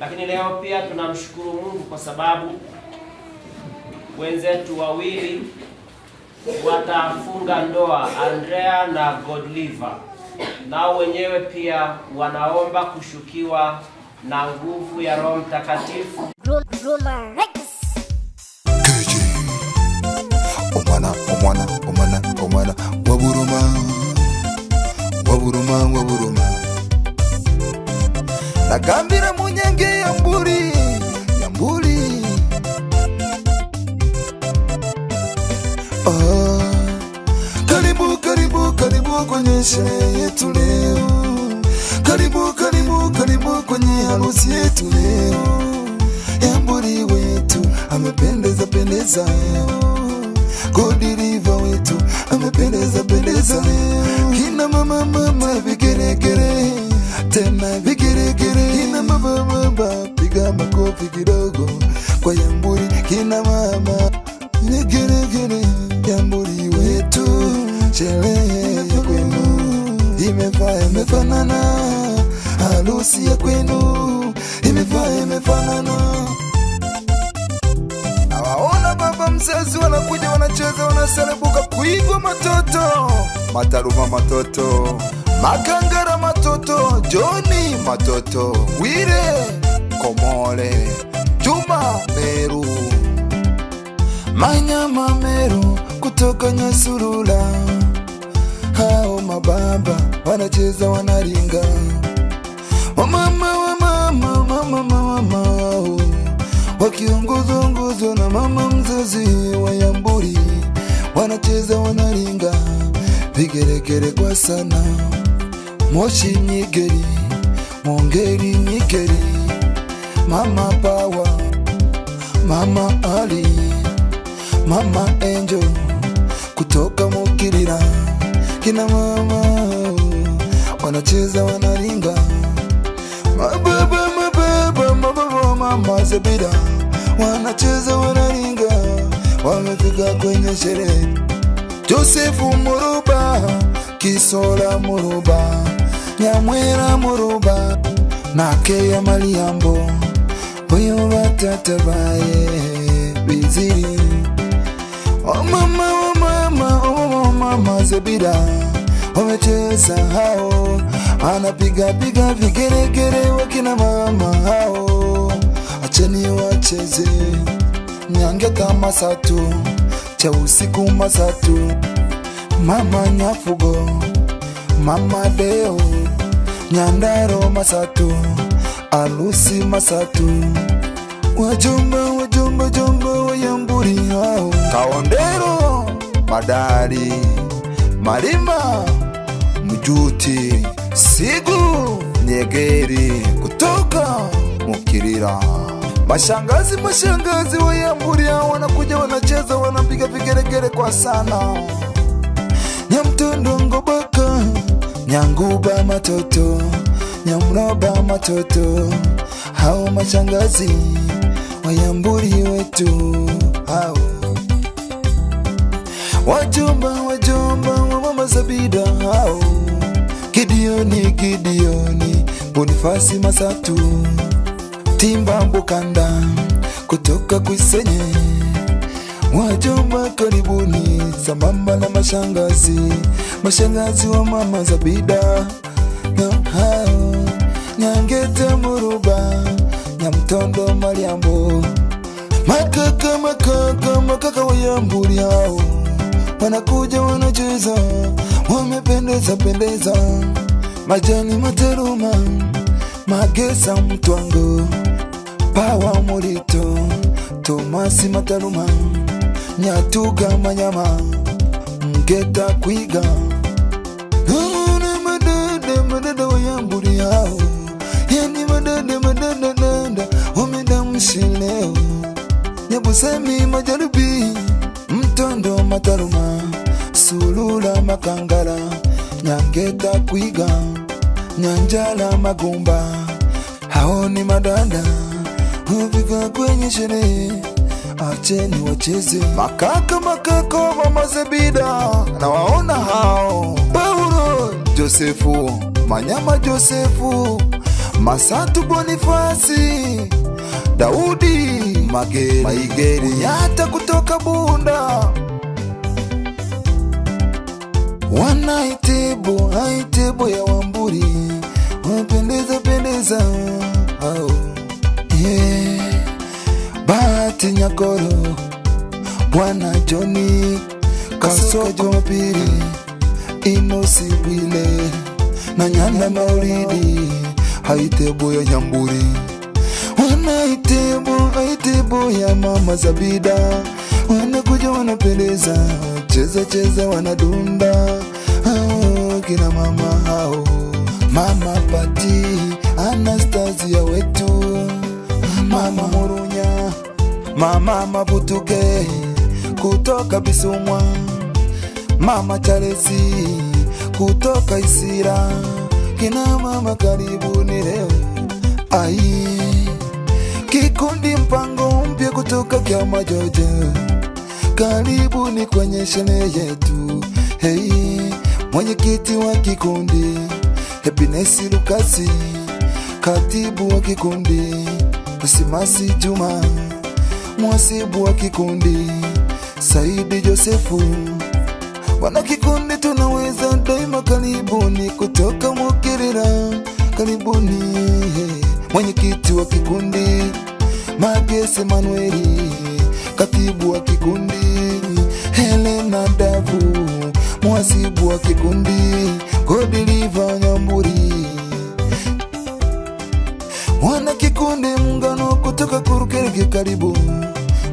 Lakini leo pia tunamshukuru Mungu kwa sababu wenzetu wawili watafunga ndoa, Andrea na Godliver, nao wenyewe pia wanaomba kushukiwa na nguvu ya Roho Mtakatifu. waburuma waburuma waburuma nakambira munyenge yamburi yamburi oh. karibu karibu karibu kwenye sherehe yetu leo karibu karibu karibu kwenye harusi yetu leo yamburi wetu amependeza pendeza godiriva wetu amependeza pendeza leo kina mama mama vigeregere tena vigeregere kina mababa piga makofi kidogo kwa yamburi kina mama negeregere yamburi wetu sherehe ya kwenu imefaa imefanana harusi ya kwenu imefaa imefanana wazazi wanakuja wanacheza wanaselebuka kuigwa matoto mataruma matoto makangara matoto joni matoto wire komole juma meru manyama meru kutoka nyasurula hao mababa wanacheza wanaringa wamama wamama wamama wamama wakiongozongozwa na mama mzazi wa Yamburi, wanacheza wanaringa vigeregere kwa sana moshi nyigeri mongeri nyigeri mama pawa mama ali mama enjo kutoka mukirira kina mama wanacheza kabisa bila, wanacheza wanaringa, wamefika kwenye sherehe. Josefu Muruba, Kisola Muruba, Nyamwera Muruba na Keya Maliambo, huyo batatabaye biziri oh, mama, wamama oh, mama Zebida, oh, wamecheza hao, anapiga piga vigeregere wakina mama hao ni wacheze nyange kama satu cha usiku masatu, mama nyafugo mama deo nyandaro masatu alusi masatu wajumba wajumba jumba wayamburi hao kaondero madari marima mjuti sigu nyegeri kutoka mukirira Mashangazi, mashangazi wa Yamburia wanakuja, wanacheza, wanapiga vigeregere kwa sana. Nyamtondo ngobaka, nyanguba matoto, nyamroba matoto, hao mashangazi wa Yamburi wetu hao. Wajomba, wajomba wa mama Zabida hao, Gideoni, Bonifasi Masatu Timba Mbukanda kutoka Kwisenye, wajomba karibuni, za mamba na mashangazi, mashangazi wa mama Zabida na hao Nyangete Muruba na Mtondo Mariambo, makaka makaka makaka Yamburi hao wanakuja wanacheza, wamependeza pendeza, majani materuma magesa mtwango Pawa Mulito Tomasi mataluma Nyatuga Manyama Mgeta Kwiga Naona madada madada yamburi yao yeni madada madada dada umida mshileo Nyabusemi majalubi, Mtondo mataluma Sulula Makangala Nyangeta Kwiga Nyanjala Magumba Hao ni madada hufika kwenye sherehe, acheni wacheze. Makaka makako mama zebida na waona hao, Paulo Josefu Manyama, Josefu Masatu, Bonifasi Daudi Maigeri yata kutoka Bunda wana itebo aitebo ya Wamburi wapendeza pendeza au bati Bahati Nyakoro, Bwana Joni Kasoko Jumapili, Inosi Bwile na Nyanda Maulidi, Haitebo ya Nyamburi wanaitebo aitebo ya mama Zabida, wanakuja wanapendeza, cheza cheza wanadunda hao oh, kina mama hao, mama Pati Anastasia wetu mama Murunya, mama Mabutuge kutoka Bisumwa, mama Charesi kutoka Isira, kina mama karibuni leo. Ai, kikundi mpango mpya kutoka majoje karibu karibuni kwenye shene yetu. Hey, mwenyekiti wa kikundi Happiness Lukasi, katibu wa kikundi Kasimasi Juma, mwasibu wa kikundi Saidi Josefu, wana kikundi tunaweza daima. Karibuni kutoka Mukirira, karibuni mwenyekiti wa kikundi Magese Manueli, katibu wa kikundi Helena Davu, mwasibu wa kikundi Godiliva Nyamburi Wana kikundi mgano kutoka Kurukiriki karibu,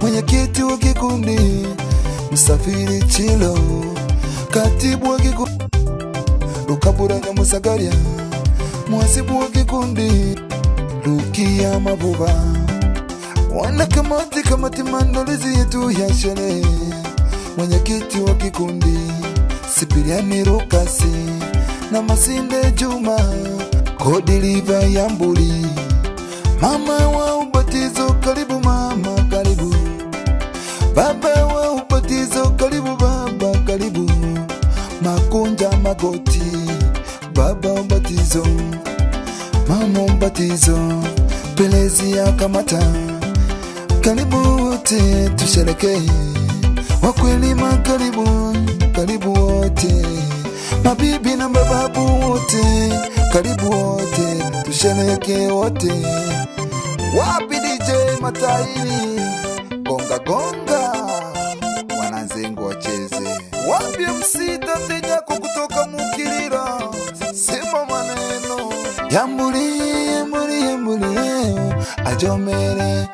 mwenyekiti wa kikundi Msafiri Chilo, katibu wa kikundi Lukabura na Musagaria, mwasibu wa kikundi Lukia Mabuba. Wana kamati kamati yetu ya sherehe, mwenyekiti wa kikundi Sipiriani Rukasi na Masinde Juma, kodiliva ya mbuli Mama wa ubatizo karibu, mama karibu, baba wa ubatizo karibu, baba karibu, makunja magoti, baba ubatizo, mama ubatizo, pelezi ya kamata, karibu wote tusherekee, wakulima karibu, karibu wote, mabibi na mababu wote, karibu wote tusherekee wote. Wapi DJ matairi gonga gonga, wananzengo wacheze wapi? MC Tatenyako kutoka Mukirira, sema maneno yambulie mbulie mbulie ajomere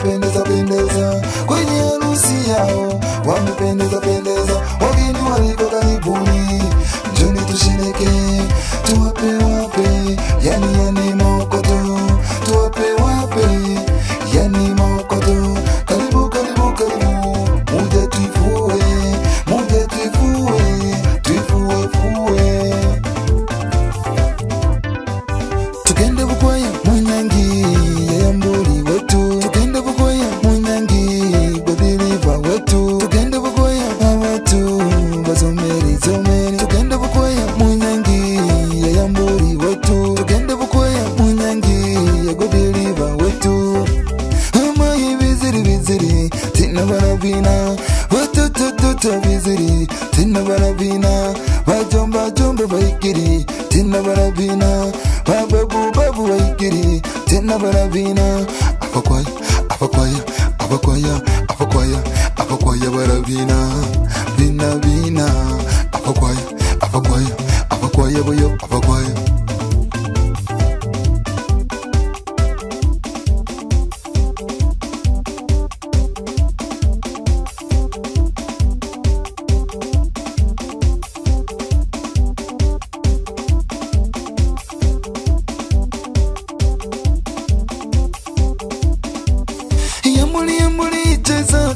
kupendeza pendeza kwenye giri tena barabina abakwaya abakwaya abakwaya abakwaya abakwaya barabina bina bina abakwaya abakwaya abakwaya boyo abakwaya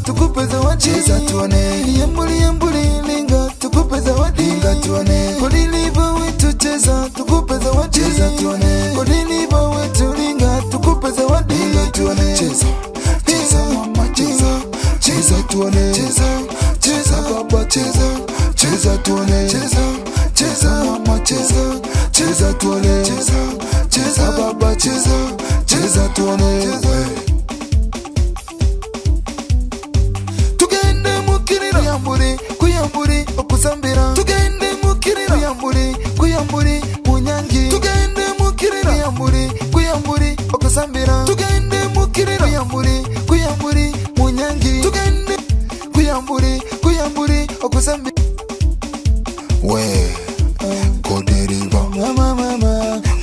tukupe zawadi, cheza tuone, yambuli yambuli, linga tukupe zawadi, linga tuone, koliliva wetu, cheza tukupe zawadi, cheza tuone, koliliva wetu, linga tukupe zawadi, linga tuone, cheza cheza mama, cheza cheza tuone, cheza cheza baba, cheza cheza tuone, cheza cheza mama, cheza cheza tuone, cheza cheza baba, cheza cheza tuone, cheza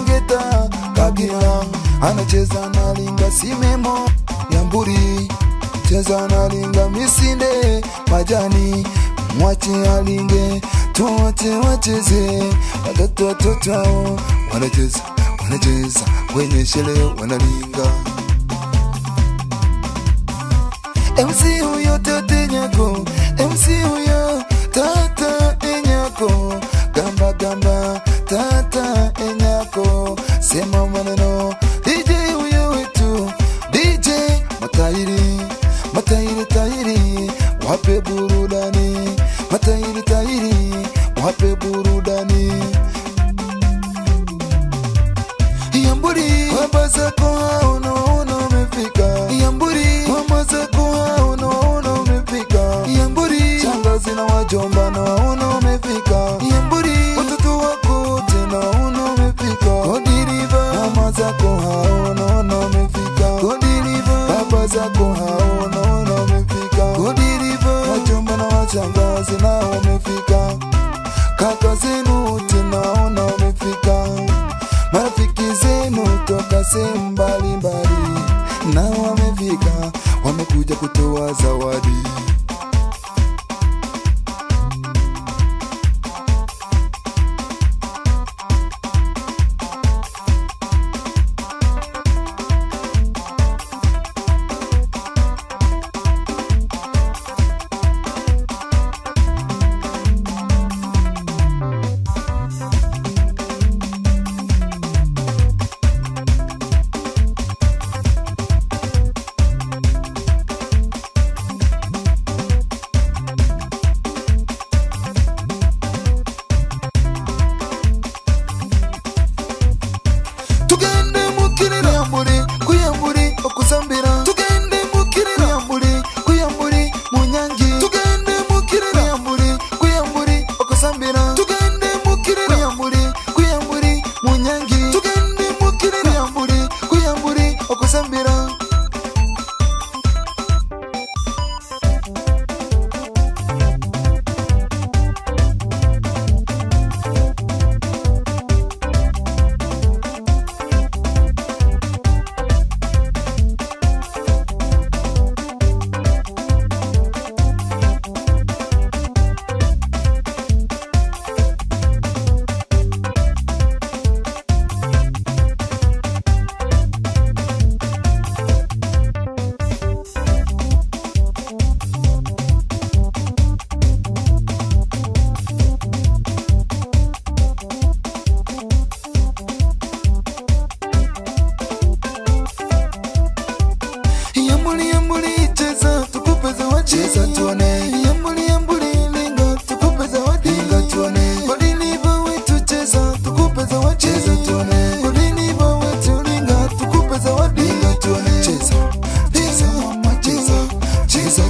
Mangeta Kagera anacheza nalinga simemo ya mburi cheza nalinga misinde majani mwache alinge tuwache wacheze watoto watoto hao wanacheza wanacheza kwenye shele wanalinga MC huyo tete MC huyo Jumba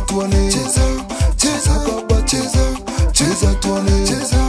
tuone, cheza, cheza baba, cheza, cheza tuone, cheza